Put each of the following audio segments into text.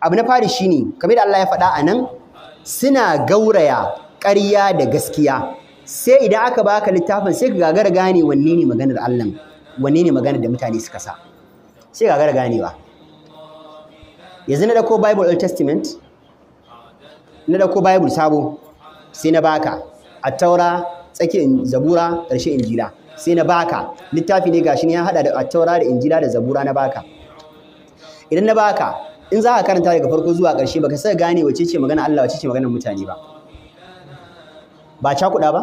abu na fari shine kamar da Allah ya faɗa a nan suna gauraya ƙarya da gaskiya sai idan aka baka littafin sai ka gagara gane wanne ne maganar Allah wanne ne maganar da mutane suka sa sai gagara ganewa yanzu na dako Bible Old Testament na dako Bible sabo sai na baka attaura tsakin zabura ƙarshe injila sai na baka littafi ne gashi ne ya hada da attaura da injila da zabura na baka idan na baka in za ka karanta daga farko zuwa ƙarshe baka sai gane wace ce magana Allah wace ce magana mutane ba ba cakuɗa ba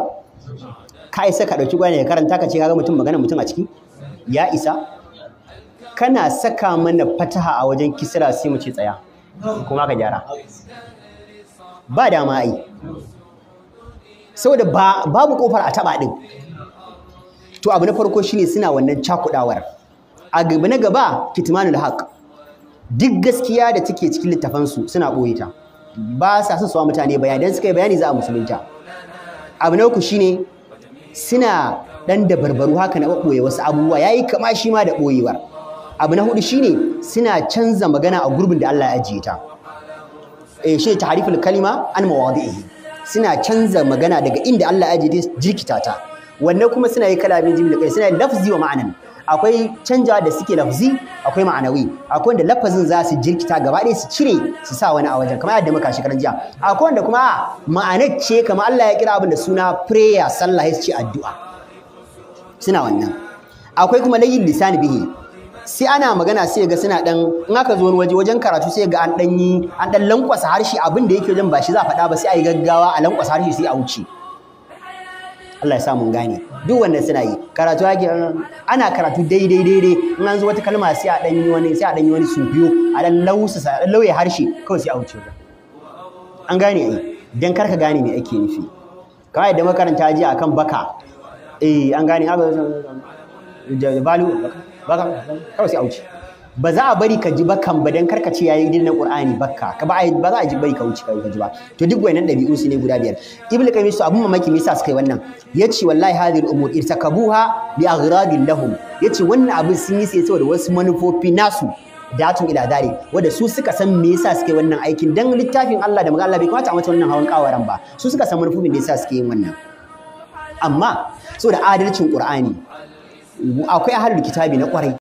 ka isa ka ɗauki gwani ka karanta ka ce kaga mutum magana mutum a ciki ya isa kana saka mana fataha a wajen kisira sai mu ce tsaya kuma ka gyara ba dama ai saboda babu kofar a taba ɗin to abu na farko shine suna wannan cakudawar a gaba na gaba kitmanul haqq duk gaskiya da take cikin su suna ɓoye ta ba sa son suwa mutane bayani don suka yi bayani za a musulunta abu na uku shine suna dan da barbaru haka na ɓoye wasu abubuwa yayi kama shi ma da ɓoyewar abu na hudu shine suna canza magana a gurbin da Allah ya ajiye ta eh shi tahriful kalima an mawadihi suna canza magana daga inda Allah ya ajiye jirkita ta wannan kuma suna yi kalamin da kai suna lafzi wa ma'anan akwai canjawa da suke lafzi akwai ma'anawi akwai wanda lafazin za su jirkita gaba ɗaya su cire su sa wani a wajen kamar yadda muka shekaran jiya akwai wanda kuma ma'anar ce kamar Allah ya kira abin da suna prayer sallah ya ce addu'a suna wannan akwai kuma layin lisani bihi sai ana magana sai ga suna dan in aka zo waje wajen karatu sai ga an dan yi an dan lankwasa harshe abin da yake wajen ba shi za faɗa ba sai a yi gaggawa a lankwasa harshe sai a wuce Allah ya sa mun gane duk wanda suna yi karatu ana karatu daidai daidai in an zo wata kalma sai a dan yi wani sai a dan yi wani su biyo a dan lausa a dan lauye harshe kawai sai a wuce ga an gane ai dan karka gane me ake nufi kawai da makaranta ji akan baka eh an gane haka value baka kawai sai a wuce ba za a bari ka ji ba ba dan karka ce yayi dinna Qur'ani bakka ka ba ba za a ji bari ka wuce ka ji ba to duk wayannan dabi'u su ne guda biyar ibnu kamis su abun mamaki me yasa suka yi wannan yace wallahi hadhihi al-umur irtakabuha bi aghradin lahum yace wannan abin sun yi sai saboda wasu manufofi nasu datun ila dare wanda su suka san me yasa suke wannan aikin dan littafin Allah da magana Allah bai kamata a mata wannan hawan kawaran ba su suka san manufofin da yasa suke yin wannan amma saboda adalcin Qur'ani akwai ahlul kitabi na kwarai